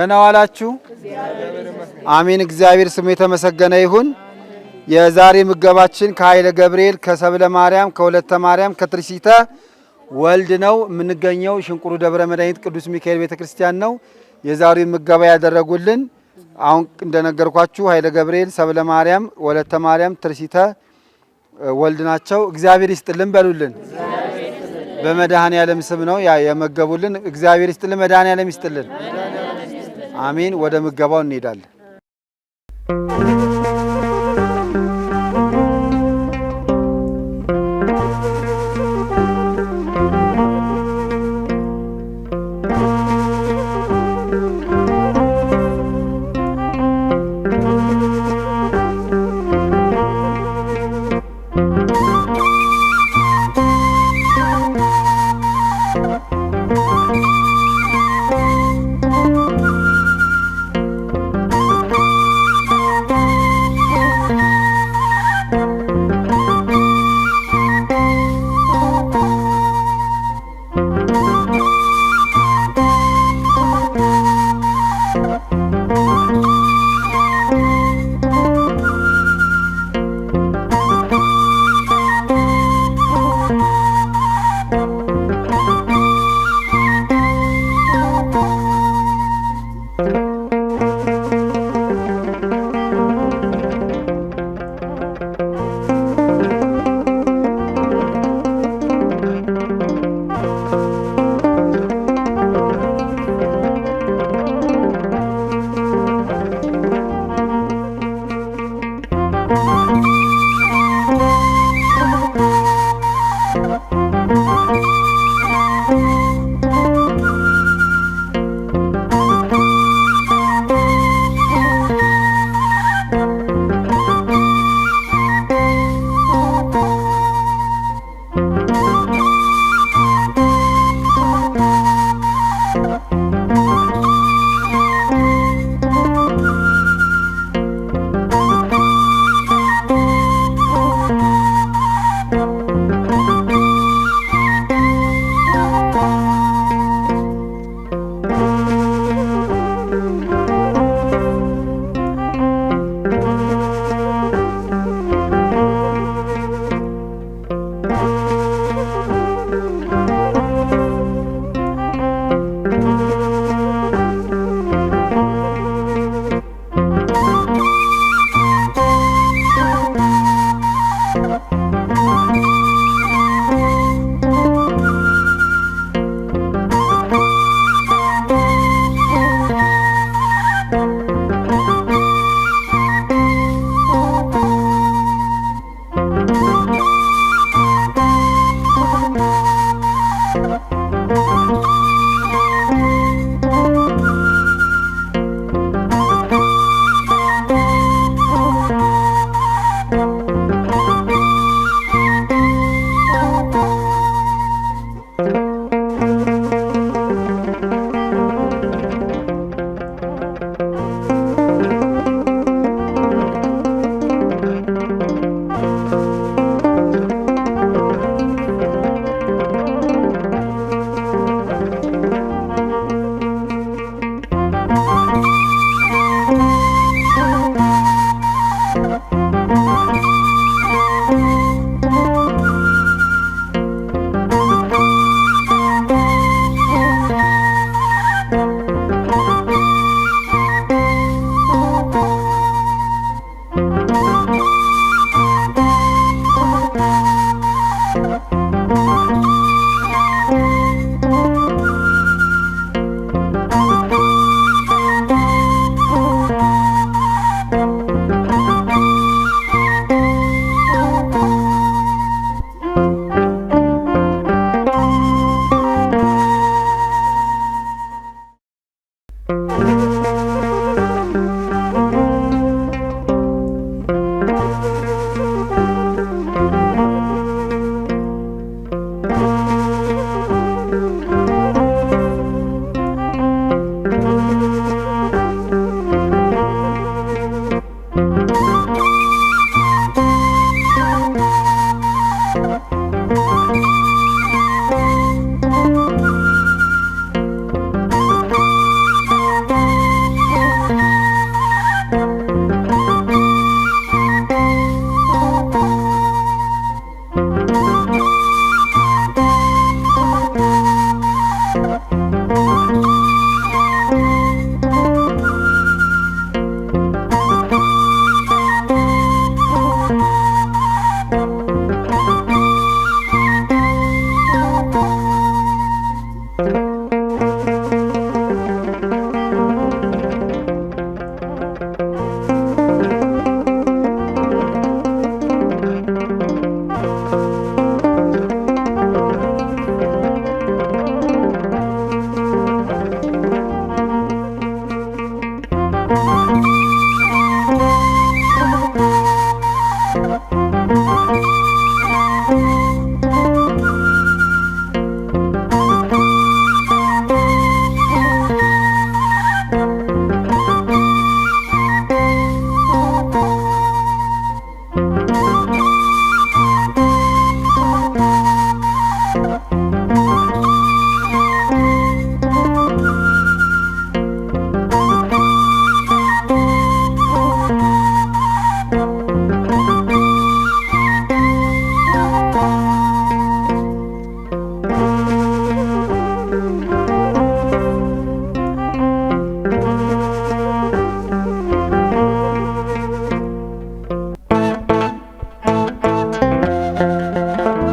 ደህና ዋላችሁ። አሜን። እግዚአብሔር ስሙ የተመሰገነ ይሁን። የዛሬ ምገባችን ከኃይለ ገብርኤል፣ ከሰብለ ማርያም፣ ከሁለተ ማርያም፣ ከትርሲተ ወልድ ነው የምንገኘው። ሽንቁሩ ደብረ መድኃኒት ቅዱስ ሚካኤል ቤተ ክርስቲያን ነው የዛሬ ምገባ ያደረጉልን። አሁን እንደነገርኳችሁ ኃይለ ገብርኤል፣ ሰብለ ማርያም፣ ወለተ ማርያም፣ ትርሲተ ወልድ ናቸው። እግዚአብሔር ይስጥልን በሉልን። በመድኃኔ ዓለም ስም ነው የመገቡልን። እግዚአብሔር ይስጥልን፣ መድኃኔ ዓለም ይስጥልን። አሜን። ወደ ምገባው እንሄዳለን።